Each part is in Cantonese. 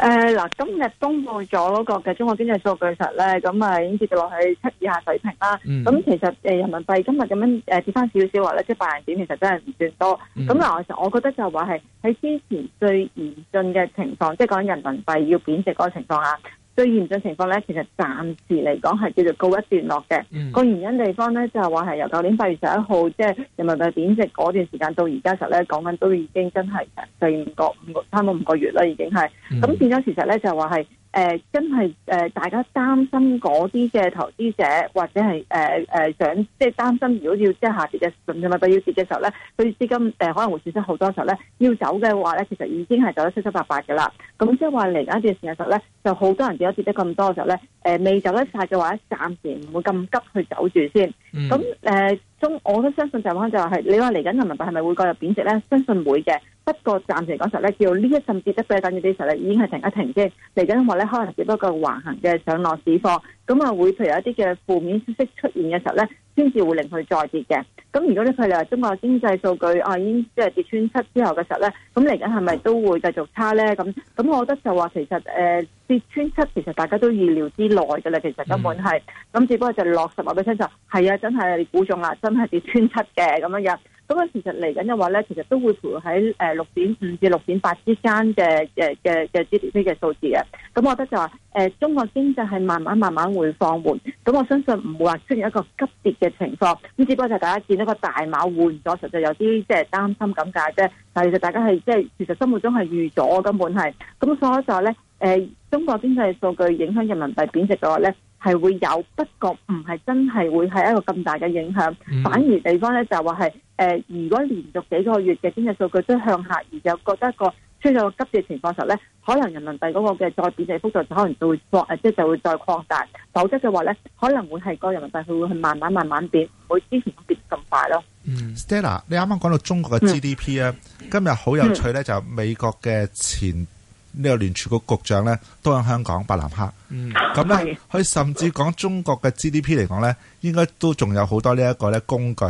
誒，嗱，今日公布咗嗰個嘅中國經濟數據實咧，咁啊已經跌到落去七以下水平啦。咁、嗯、其實誒，人民幣今日咁樣誒跌翻少少或咧，即係百人點，點其實真係唔算多。咁、嗯、嗱，其我，我覺得就話係喺之前最嚴峻嘅情況，即係講人民幣要貶值嗰個情況下最嚴重情況咧，其實暫時嚟講係叫做告一段落嘅。個、嗯、原因地方咧，就係話係由舊年八月十一號，即、就、係、是、人民幣貶值嗰段時間到而家時候咧，講緊都已經真係第五個五個差唔多五個月啦，已經係咁、嗯、變咗。其實咧，就係話係。誒、呃，真係誒、呃，大家擔心嗰啲嘅投資者，或者係誒誒，想、呃呃、即係擔心，如果要即係下跌嘅，甚至到要跌嘅時候咧，佢資金誒可能會損失好多時候咧，要走嘅話咧，其實已經係走得七七八八嘅啦。咁即係話嚟緊一段時間時候咧，就好多人跌一跌得咁多嘅時候咧，誒、呃、未走得晒嘅話，暫時唔會咁急去走住先。咁誒中我都相信就係話就係你話嚟緊人民幣係咪會繼續貶值咧？相信會嘅，不過暫時嚟講實咧，叫呢一陣跌得比較緊嘅時候咧，已經係停一停嘅。嚟緊話咧，可能只不過橫行嘅上落市況，咁啊會譬如有一啲嘅負面消息出現嘅時候咧。先至會令佢再跌嘅，咁如果咧，佢哋話中國經濟數據啊已經即係跌穿七之後嘅時候咧，咁嚟緊係咪都會繼續差咧？咁咁我覺得就話其實誒、呃、跌穿七其實大家都意料之內嘅啦，其實根本係咁，只不過就落實話俾你聽就係啊真係估中啦，真係跌穿七嘅咁樣。咁啊，其實嚟緊嘅話咧，其實都會徘徊喺誒六點五至六點八之間嘅嘅嘅嘅 GDP 嘅數字嘅。咁我覺得就話誒、呃，中國經濟係慢慢慢慢會放緩。咁我相信唔會話出現一個急跌嘅情況。咁只不過就大家見到個大碼換咗，實際有啲即係擔心咁解啫。但其實大家係即係其實心目中係預咗根本係。咁所以就話咧，誒、呃、中國經濟數據影響人民幣貶值嘅話咧。係會有，不過唔係真係會係一個咁大嘅影響，嗯，反而地方咧就話、是、係，誒、呃，如果連續幾個月嘅經濟數據都向下，而就覺得個出咗個急跌情況時候咧，可能人民幣嗰個嘅再貶嘅幅度就可能就會擴，誒，即係就會再擴大，否則嘅話咧，可能會係個人民幣佢會係慢慢慢慢跌，冇之前變咁快咯，嗯。Stella，你啱啱講到中國嘅 GDP 啊、嗯，今日好有趣咧，嗯，就美國嘅前。呢個聯儲局局長咧都喺香港，伯南克。咁、嗯、咧，佢甚至講中國嘅 GDP 嚟講咧，應該都仲有好多呢一個咧工具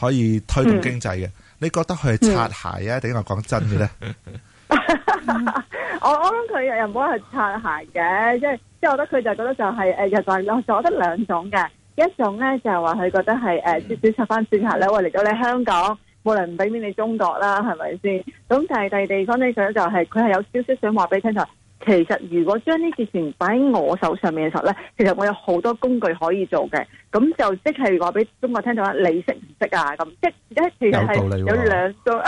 可以推動經濟嘅、嗯。你覺得佢係擦鞋啊，定係講真嘅咧？我我諗佢又唔好去擦鞋嘅，即係即係我覺得佢就係、覺得就係誒、就係呃，又話兩，我覺得兩種嘅，一種咧就係話佢覺得係誒，直接擦翻轉客咧，為嚟到你香港。冇人唔俾面你中國啦，係咪先？咁第二地方咧，想就係佢係有少少想話俾你聽就，其實如果將呢件事情擺喺我手上面嘅時候咧，其實我有好多工具可以做嘅。咁就即係話俾中國聽就話，你識唔識啊？咁即係其實係有兩種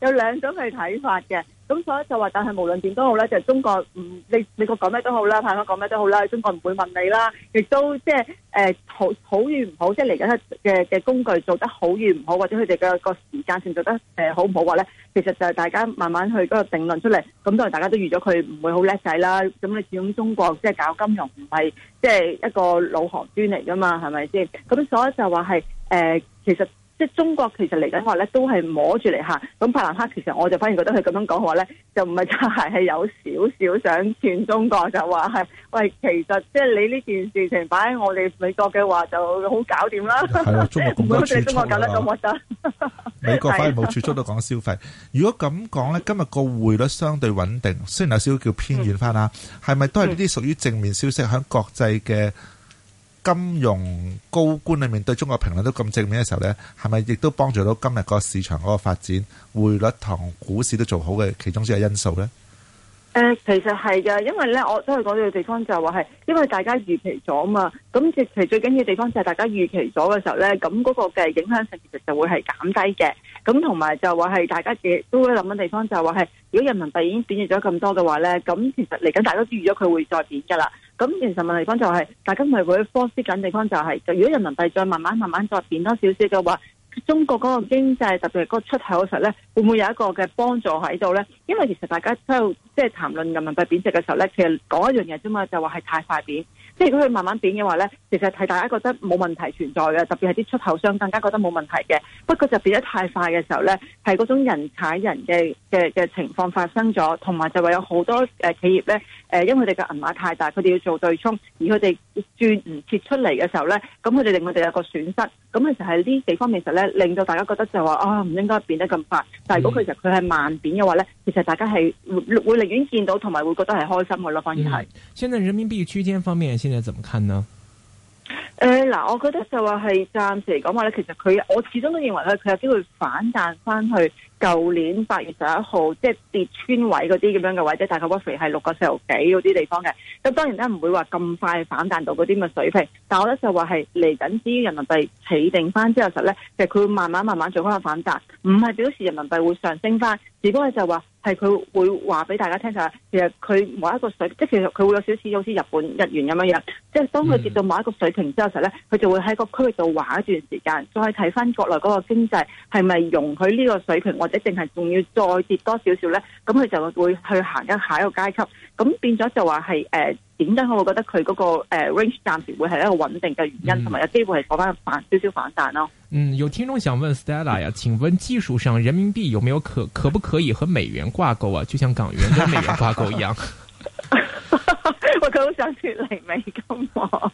有兩 種去睇法嘅。咁所以就話，但係無論點都好咧，就中國唔你美國講咩都好啦，派哥講咩都好啦，中國唔會問你啦，亦都即係誒好好與唔好，即係嚟緊嘅嘅工具做得好與唔好，或者佢哋嘅個時間性做得誒好唔好話咧，其實就係大家慢慢去嗰個定論出嚟。咁當然大家都預咗佢唔會好叻仔啦。咁你始終中國即係搞金融唔係即係一個老行尊嚟噶嘛，係咪先？咁所以就話係誒，其實。中國其實嚟緊話咧，都係摸住嚟行。咁伯南克其實我就反而覺得佢咁樣講話咧，就唔係真係係有少少想串中國就話係。喂，其實即係你呢件事情擺喺我哋美國嘅話，就好搞掂啦。係咯、啊，中國搞得咁核突。美國反而冇儲蓄都講消費。啊、如果咁講咧，今日個匯率相對穩定，雖然有少少叫偏軟翻啦，係、嗯、咪都係呢啲屬於正面消息喺國際嘅？金融高官裏面對中國評論都咁正面嘅時候呢，係咪亦都幫助到今日個市場嗰個發展、匯率同股市都做好嘅其中之一因素呢？誒、呃，其實係嘅，因為呢，我都係講呢個地方就係話係，因為大家預期咗啊嘛，咁其實最緊要嘅地方就係大家預期咗嘅時候呢，咁嗰個嘅影響性其實就會係減低嘅，咁同埋就話係大家亦都會諗緊地方就係話係，如果人民幣已經貶值咗咁多嘅話呢，咁其實嚟緊大家都預咗佢會再貶噶啦。咁其實問題嚟講就係、是，大家咪會會 force 緊地方、就是，就係，就如果人民幣再慢慢慢慢再變多少少嘅話，中國嗰個經濟特別係嗰個出口實咧，會唔會有一個嘅幫助喺度咧？因為其實大家喺度即係談論人民幣貶值嘅時候咧，其實嗰一樣嘢啫嘛，就話係太快貶。即係如果佢慢慢變嘅話咧，其實係大家覺得冇問題存在嘅，特別係啲出口商更加覺得冇問題嘅。不過就變得太快嘅時候咧，係嗰種人踩人嘅嘅嘅情況發生咗，同埋就話有好多誒企業咧，誒因為佢哋嘅銀碼太大，佢哋要做對沖，而佢哋。轉唔切出嚟嘅時候咧，咁佢哋令我哋有個損失，咁其實係呢地方其實咧令到大家覺得就話啊唔應該變得咁快，但係如果其實佢係慢貶嘅話咧，其實大家係會會寧願見到同埋會覺得係開心嘅咯，反而係、嗯。現在人民幣區間方面，現在怎麼看呢？誒、呃、嗱，我覺得就話係暫時嚟講話咧，其實佢我始終都認為咧，佢有機會反彈翻去。舊年八月十一號，即係跌穿位嗰啲咁樣嘅位，即係大概 o n 係六個四毫幾嗰啲地方嘅。咁當然咧，唔會話咁快反彈到嗰啲咁嘅水平。但係我咧，就話係嚟緊，至於人民幣起定翻之後實咧，其實佢會慢慢慢慢做翻個反彈，唔係表示人民幣會上升翻。只不過就話係佢會話俾大家聽就係，其實佢某一個水平，即係其實佢會有少少似好似日本日元咁樣樣。即係當佢跌到某一個水平之後實咧，佢就會喺個區域度畫一段時間，再睇翻國內嗰個經濟係咪容許呢個水平。或者淨係仲要再跌多少少咧，咁佢就會去行一下一個階級，咁變咗就話係誒點解我會覺得佢嗰、嗰個、呃、range 暫時會係一個穩定嘅原因，同埋有機會係做返反少少反彈咯。嗯，有聽眾想問 Stella 呀，請問技術上人民幣有冇有可可不可以和美元掛鉤啊？就像港元同美元掛鉤一樣 我覺得好想脱離美金喎。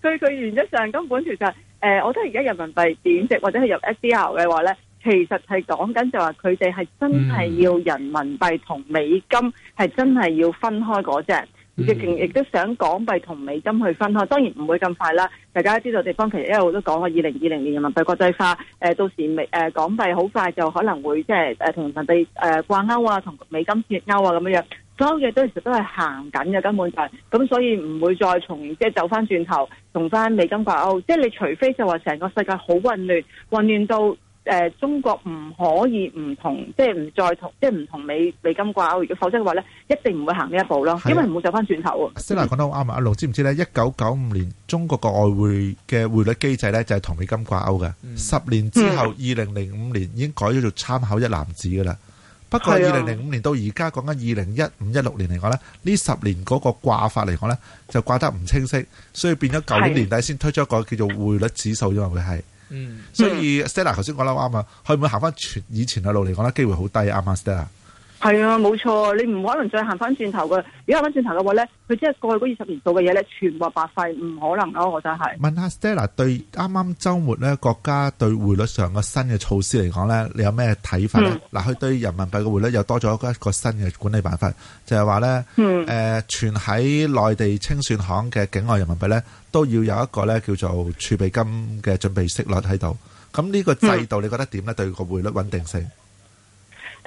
所以佢原則上根本其實誒，我覺得而家人民幣貶值或者係入 SDR 嘅話咧。其實係講緊就話佢哋係真係要人民幣同美金係真係要分開嗰隻，亦亦都想港幣同美金去分開。當然唔會咁快啦。大家知道地方，其實一路都講過，二零二零年的人民幣國際化，誒到時美誒港幣好快就可能會即係誒同人民幣誒掛鈎啊，同美金脱鈎啊咁樣樣。所有嘢都其實都係行緊嘅，根本就係、是、咁、就是，所以唔會再從即係走翻轉頭從翻美金掛鈎。即係你除非就話成個世界好混亂，混亂到。誒，中國唔可以唔同，即係唔再同，即係唔同美美金掛鈎，否則嘅話咧，一定唔會行呢一步咯，因為唔會走翻轉頭啊！Stella 講得好啱啊！阿龍知唔知咧？一九九五年中國個外匯嘅匯率機制咧，就係同美金掛鈎嘅。十年之後，二零零五年已經改咗做參考一籃子嘅啦。不過二零零五年到而家講緊二零一五一六年嚟講咧，呢十年嗰個掛法嚟講咧，就掛得唔清晰，所以變咗舊年年底先推出一個叫做匯率指數，因為佢係。嗯， 所以 Stella 頭先講得啱啊，佢唔會行翻全以前嘅路嚟講咧，機會好低啊啱 Stella？係啊，冇錯，你唔可能再行翻轉頭㗎。如果行翻轉頭嘅話咧，佢即係過去嗰二十年做嘅嘢咧，全部白費，唔可能咯。我覺得係。問下 Stella，對啱啱周末咧，國家對匯率上個新嘅措施嚟講咧，你有咩睇法咧？嗱、嗯，佢對人民幣嘅匯率又多咗一個新嘅管理辦法，就係話咧，誒、嗯，存、呃、喺內地清算行嘅境外人民幣咧，都要有一個咧叫做儲備金嘅準備息率喺度。咁呢個制度你覺得點咧？對個匯率穩定性？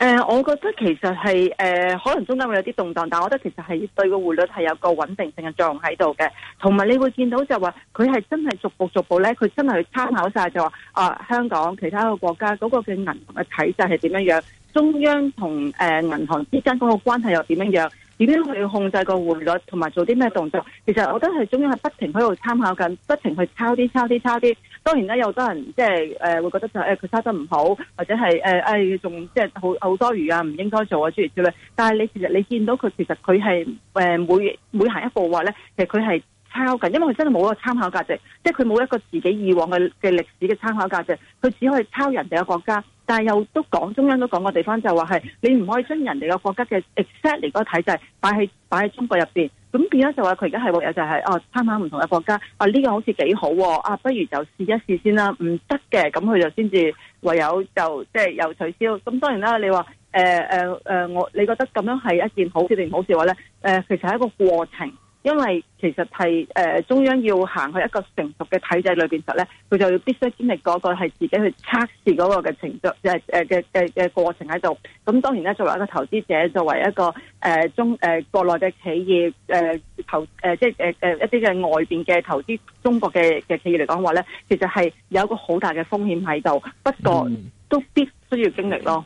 誒、呃，我覺得其實係誒、呃，可能中間會有啲動盪，但係我覺得其實係對個匯率係有個穩定性嘅作用喺度嘅，同埋你會見到就話佢係真係逐步逐步咧，佢真係去參考晒，就話啊香港其他個國家嗰個嘅銀行嘅體制係點樣樣，中央同誒銀行之間嗰個關係又點樣樣，點樣去控制個匯率同埋做啲咩動作？其實我覺得係中央係不停喺度參考緊，不停去抄啲抄啲抄啲。當然咧，有多人即係誒，會覺得就誒佢抄得唔好，或者係誒誒仲即係好好多餘啊，唔應該做啊諸如此類。但係你其實你見到佢，其實佢係誒每每行一步話咧，其實佢係抄緊，因為佢真係冇一個參考價值，即係佢冇一個自己以往嘅嘅歷史嘅參考價值，佢只可以抄人哋嘅國家。但係又都講中央都講過地方就係話係，你唔可以將人哋嘅國家嘅 exactly 嗰個體制擺喺擺喺中國入邊。咁變咗就話佢而家係唯有就係哦，參考唔同嘅國家哦，呢、啊這個好似幾好喎啊,啊，不如就試一試先啦。唔得嘅咁，佢就先至唯有就即係、就是、又取消。咁當然啦，你話誒誒我你覺得咁樣係一件好事定唔好事嘅話咧？誒、呃，其實係一個過程。因為其實係誒、呃、中央要行去一個成熟嘅體制裏邊實咧，佢就要必須經歷嗰個係自己去測試嗰個嘅程序誒誒嘅嘅嘅過程喺度。咁當然咧，作為一個投資者，作為一個誒、呃、中誒、呃、國內嘅企業誒、呃、投誒、呃、即係誒誒一啲嘅外邊嘅投資中國嘅嘅企業嚟講話咧，其實係有一個好大嘅風險喺度。不過都必須要經歷咯。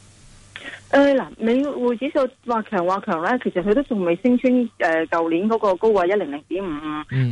誒、哎，嗱，美匯指數話強話強咧，其實佢都仲未升穿誒舊、呃、年嗰個高位一零零點五五。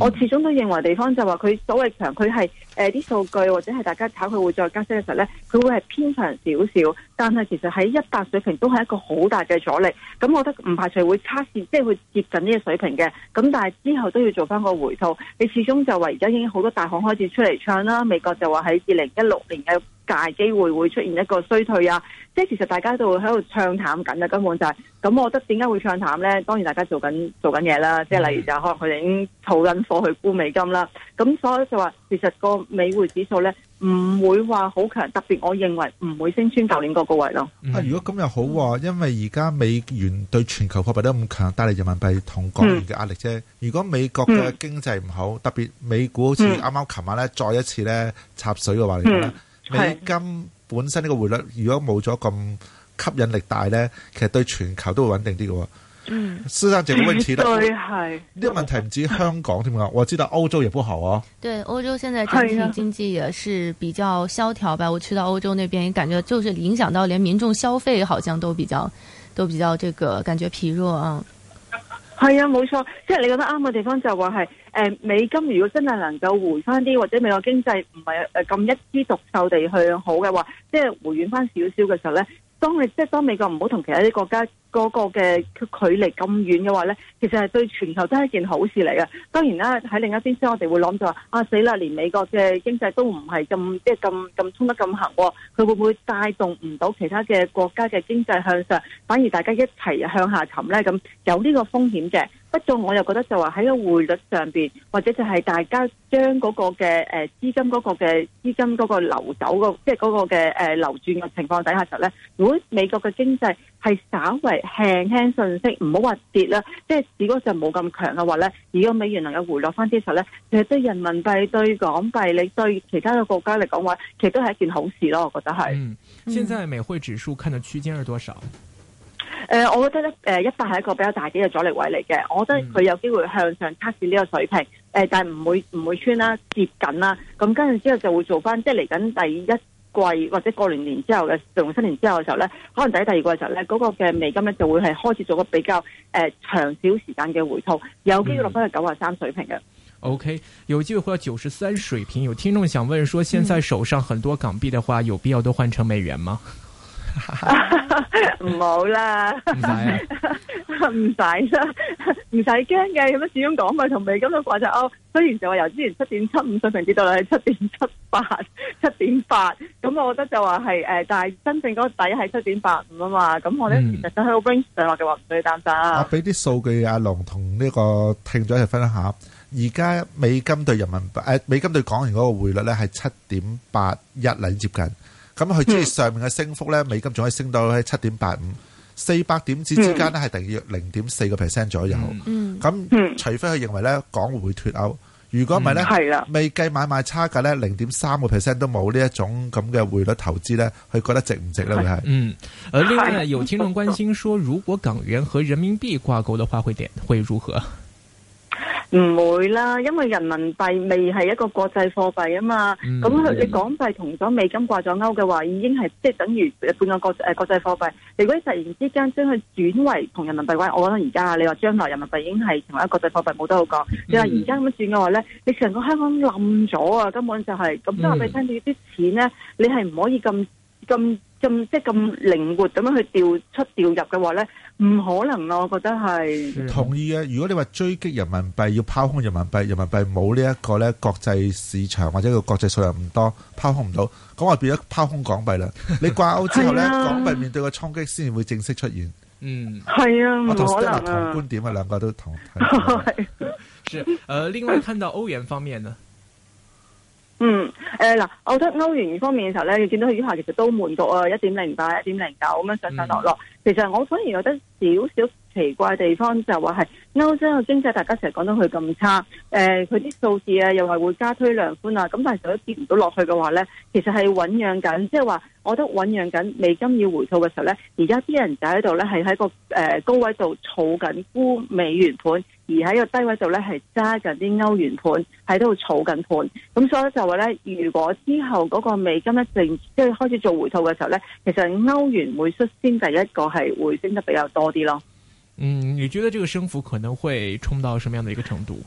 我始終都認為地方就話佢所謂強，佢係誒啲數據或者係大家炒佢會再加息嘅時候咧，佢會係偏強少少。但係其實喺一百水平都係一個好大嘅阻力。咁我覺得唔排除會測試，即、就、係、是、會接近呢個水平嘅。咁但係之後都要做翻個回吐。你始終就話而家已經好多大行開始出嚟唱啦。美國就話喺二零一六年嘅。大機會會出現一個衰退啊！即係其實大家都會喺度唱淡緊啊，根本就係、是、咁。我覺得點解會唱淡咧？當然大家做緊做緊嘢啦。即係例如就可能佢哋已經儲緊貨去沽美金啦。咁所以就話其實個美匯指數咧，唔會話好強，特別我認為唔會升穿舊年嗰個位咯。啊、嗯，如果咁又好喎、啊，因為而家美元對全球貨幣都咁強，帶嚟人民幣同港元嘅壓力啫。如果美國嘅經濟唔好、嗯，特別美股好似啱啱琴晚咧再一次咧插水嘅話嚟美金本身呢個匯率如果冇咗咁吸引力大咧，其實對全球都會穩定啲嘅。嗯，先生，政府開始啦。呢個問題唔止香港添啊， 我知道歐洲也不好啊。對，歐洲現在經濟也是比較蕭條吧。我去到歐洲那邊，感覺就是影響到連民眾消費好像都比較都比較這個感覺疲弱啊。係啊，冇錯，即係你覺得啱嘅地方就話、係、係，誒、呃，美金如果真係能夠回翻啲，或者美國經濟唔係誒咁一枝獨秀地去好嘅話，即係回軟翻少少嘅時候咧，當你即係當美國唔好同其他啲國家。嗰、嗰個嘅距離咁遠嘅話呢，其實係對全球都係一件好事嚟嘅。當然啦，喺另一邊先、就是，我哋會諗就話啊死啦！連美國嘅經濟都唔係咁即係咁咁衝得咁行，佢會唔會帶動唔到其他嘅國家嘅經濟向上，反而大家一齊向下沉呢？咁有呢個風險嘅。不過我又覺得就話喺個匯率上邊，或者就係大家將嗰個嘅誒資金嗰個嘅資金嗰個流走、就是、個即係嗰個嘅誒流轉嘅情況底下就呢，如果美國嘅經濟係稍為輕輕信息唔好話跌啦，即係市嗰陣冇咁強嘅話咧，如果美元能夠回落翻啲時候咧，其實對人民幣、對港幣、你對其他嘅國家嚟講話，其實都係一件好事咯。我覺得係。嗯，現在美匯指數看的區間係多少？誒、呃，我覺得咧，誒，一百係一個比較大啲嘅阻力位嚟嘅，我覺得佢有機會向上測試呢個水平，誒、呃，但係唔會唔會穿啦，接近啦，咁跟住之後就會做翻，即係嚟緊第一。貴或者過完年，年之後嘅農曆新年之後嘅時候呢，可能喺第，第二季嘅時候呢，嗰、那個嘅美金呢就會係開始做個比較誒、呃、長少時間嘅回吐，有機會落翻去九十三水平嘅、嗯。OK，有機會回到九十三水平，有聽眾想問說，現在手上很多港幣的話、嗯，有必要都換成美元嗎？唔好啦，唔使啦，唔使驚嘅。咁樣始終港幣同美金都掛就歐，雖然就話由之前七點七五水平跌到落七點七八、七點八，咁我覺得就話係誒，但係真正嗰個底係七點八五啊嘛。咁我咧，其實我 bring 上落話嘅話唔使擔心。我俾啲數據阿龍同呢個聽咗一齊分享下，而家美金對人民幣誒、呃，美金對港元嗰個匯率咧係七點八一嚟接近。咁佢即係上面嘅升幅咧，美金仲可以升到喺七點八五四百點子之間咧，係大約零點四個 percent 左右。咁、嗯嗯、除非佢認為咧港匯脫歐，如果唔係咧，未計買賣差價咧零點三個 percent 都冇呢一種咁嘅匯率投資咧，佢覺得值唔值咯？係嗯，而另外有聽眾關心說，如果港元和人民幣掛鈎嘅話，會點會如何？唔會啦，因為人民幣未係一個國際貨幣啊嘛，咁佢哋港幣同咗美金掛咗鈎嘅話，已經係即係等於半個國誒、呃、國際貨幣。如果突然之間將佢轉為同人民幣關，我覺得而家你話將來人民幣已經係成為一個國際貨幣冇得好講、嗯。你話而家咁樣轉嘅話呢，你成個香港冧咗啊，根本就係、是、咁，即係話俾你聽啲錢呢，你係唔可以咁咁。咁即係咁靈活咁樣去調出調入嘅話咧，唔可能咯，我覺得係。同意啊！如果你話追擊人民幣要拋空人民幣，人民幣冇呢一個咧國際市場或者個國際數量唔多，拋空唔到，咁話變咗拋空港幣啦。你掛歐之後咧，港幣面對個衝擊先會正式出現。嗯，係啊，我同 Stella 同觀點啊，兩個都同。係，係。誒，另外聽到歐元方面咧。嗯，誒、呃、嗱，我覺得歐元方面嘅時候咧，你見到佢以下其實都悶讀啊，一點零八、一點零九咁樣上上落落，嗯。其實我反而覺得少少奇怪嘅地方，就是，就話係歐洲嘅經濟大家成日講到佢咁差，誒佢啲數字啊又係會加推量寬啊，咁但係實都跌唔到落去嘅話咧，其實係醖釀緊，即係話我覺得醖釀緊美金要回吐嘅時候咧，而家啲人就喺度咧係喺個誒高位度儲緊沽美元盤。而喺個低位度咧，係揸緊啲歐元盤喺度儲緊盤，咁所以就話咧，如果之後嗰個美金一整即係開始做回吐嘅時候咧，其實歐元會率先第一個係回升得比較多啲咯。嗯，你覺得這個升幅可能會衝到什麼樣的一個程度？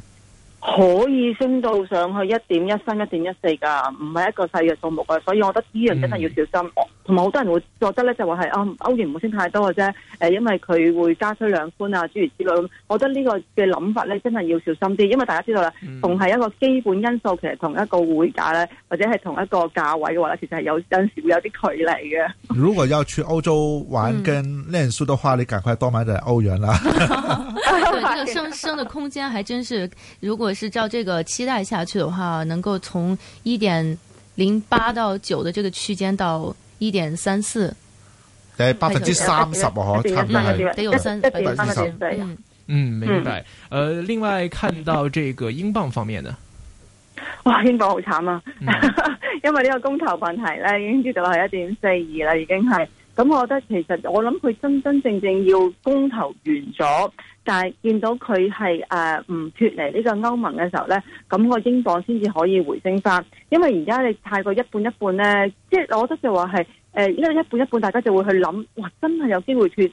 可以升到上去一點一三、一點一四噶，唔係一個細嘅數目噶，所以我覺得呢樣真係要小心。同埋好多人會覺得咧，就話係啊，歐元唔好升太多嘅啫。誒、呃，因為佢會加推量寬啊，諸如此類。我覺得這個呢個嘅諗法咧，真係要小心啲，因為大家知道啦、嗯，同係一個基本因素，其實同一個匯價咧，或者係同一個價位嘅話咧，其實係有有陣時會有啲距離嘅。如果要去歐洲玩跟念書嘅話，嗯，你趕快多買點歐元啦。個 升升嘅空間還真是，如果。是照這個期待下去的話，能夠從一點零八到九的這個區間到一點三四，得百分之三十哦，30, 差不多，得有三百分之三十，嗯嗯明白。呃另、嗯嗯，另外看到這個英鎊方面呢，哇，英鎊好慘啊， 因為呢個公投問題呢，已經知道係一點四二啦，已經係。咁我覺得其實我諗佢真真正正要公投完咗，但係見到佢係誒唔脱離呢個歐盟嘅時候呢，咁個英鎊先至可以回升返。因為而家你太過一半一半呢，即係我覺得就話係誒，因為一半一半大家就會去諗，哇，真係有機會脱誒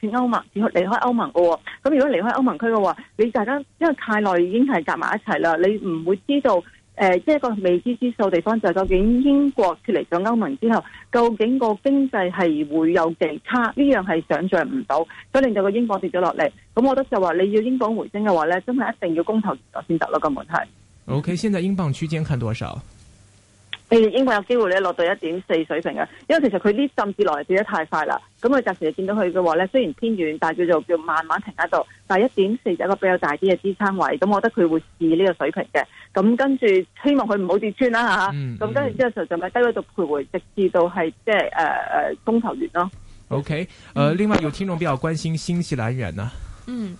脱歐盟，只可離開歐盟㗎喎。咁如果離開歐盟區嘅話，你大家因為太耐已經係夾埋一齊啦，你唔會知道。誒、呃，即係個未知之數地方就係、是、究竟英國脫離咗歐盟之後，究竟個經濟係會有幾差？呢樣係想象唔到。所以令到個英鎊跌咗落嚟，咁我覺得就話你要英鎊回升嘅話咧，真係一定要公投先得咯，個問題。O、okay, K，現在英鎊區間看多少？誒，英鎊有機會咧落到一點四水平嘅，因為其實佢呢甚至落跌得太快啦，咁佢暫時又見到佢嘅話咧，雖然偏軟，但係叫做叫慢慢停喺度，但係一點四就一個比較大啲嘅支撐位，咁我覺得佢會試呢個水平嘅，咁跟住希望佢唔好跌穿啦吓，咁跟住之後就咪低喺度徘徊，直至到係即係誒誒，公投完咯。OK，誒、呃，另外有聽眾比較關心新西蘭元。啊，嗯。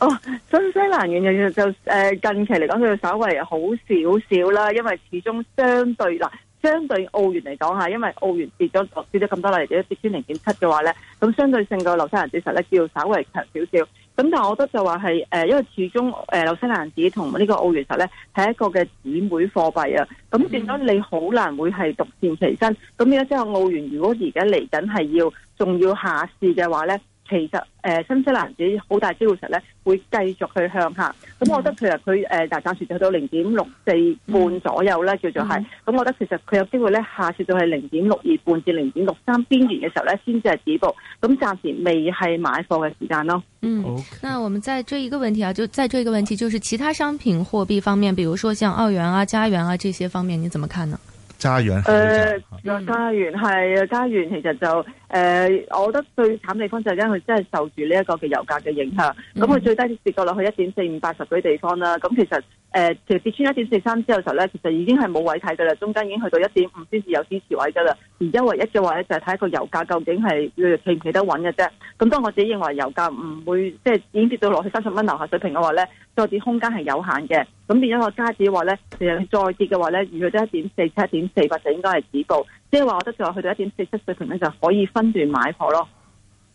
哦、oh，新西蘭元其實就誒近期嚟講，佢稍為好少少啦，因為始終相對嗱相對澳元嚟講吓，因為澳元跌咗跌咗咁多嚟嘅，跌穿零點七嘅話咧，咁相對性嘅紐西蘭紙實咧叫稍微強少少，咁但係我覺得就話係誒，因為始終誒紐西蘭紙同呢個澳元實咧係一個嘅姊妹貨幣啊，咁變咗你好難會係獨善其身，咁變咗之後澳元如果而家嚟緊係要仲要下市嘅話咧。其實誒、呃，新西蘭紙好大機會實咧會繼續去向下，咁、嗯嗯、我覺得其實佢誒，就、呃、暫時跌到零點六四半左右咧，叫做係，咁、嗯、我覺得其實佢有機會咧，下跌到係零點六二半至零點六三邊緣嘅時候咧，先至係止步，咁暫時未係買貨嘅時間咯。嗯，okay. 那我們再追一個問題啊，就再追一個問題，就是其他商品貨幣方面，比如說像澳元啊、加元啊這些方面，你怎麼看呢？加元誒，加元係加元，加元加元加元其實就。誒、呃，我覺得最慘地方就係因為佢真係受住呢一個嘅油價嘅影響，咁、嗯、佢、嗯、最低下跌到落去一點四五八十嗰啲地方啦。咁其實誒、呃，其實跌穿一點四三之後嘅時候咧,其實已經係冇位睇噶啦，中間已經去到一點五先至有支持位噶啦。而唯一嘅話咧，就係、是、睇個油價究竟係企唔企得穩嘅啫。咁當我自己認為油價唔會即係、就是、已經跌到落去三十蚊樓下水平嘅話咧，再跌空間係有限嘅。咁變咗我加紙嘅話咧，其實再跌嘅話咧，如果都一點四七、一點四八就應該係止步。即係話，我得咗去到一點四七水平咧，就可以分段買貨咯。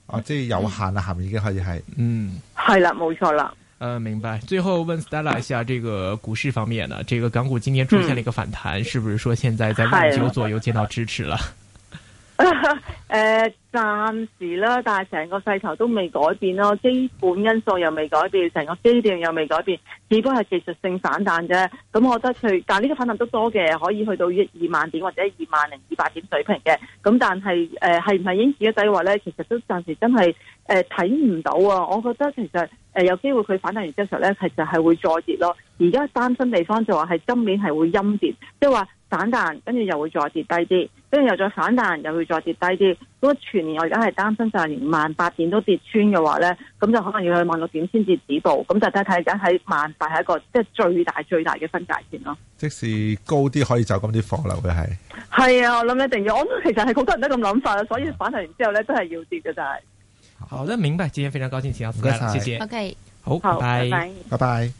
哦、嗯啊，即係有限啦，下、嗯、面已經可以係。嗯，係啦，冇錯啦。誒、呃，明白。最後問 Stella 一下，這個股市方面呢、啊？這個港股今年出現了一個反彈，嗯、是不是說現在在萬九左右見到支持了？ 誒、 呃，暫時啦，但係成個勢頭都未改變咯，基本因素又未改變，成個基調又未改變，只不過係技術性反彈啫。咁我覺得佢，但係呢個反彈都多嘅，可以去到二萬點或者二萬零二百點水平嘅。咁但係誒，係唔係應市嘅底話咧？其實都暫時真係誒睇唔到啊！我覺得其實誒、呃、有機會佢反彈完之後咧，其實係會再跌咯。而家單新地方就話係今年係會陰跌，即係話。反彈，跟住又會再跌低啲，跟住又再反彈，又會再跌低啲。如果全年我而家係擔心就係連萬八點都跌穿嘅話咧，咁就可能要去萬六點先至止步。咁就睇睇而家喺萬八係一個即係最大最大嘅分界線咯。即使高啲可以走咁啲房樓嘅係，係啊，我諗一定要。我諗其實係好多人都咁諗法啦，所以反彈完之後咧都係要跌嘅就係。好的，明白。今天非常高興，請阿陳先生，謝謝 OK，好，拜拜，拜拜。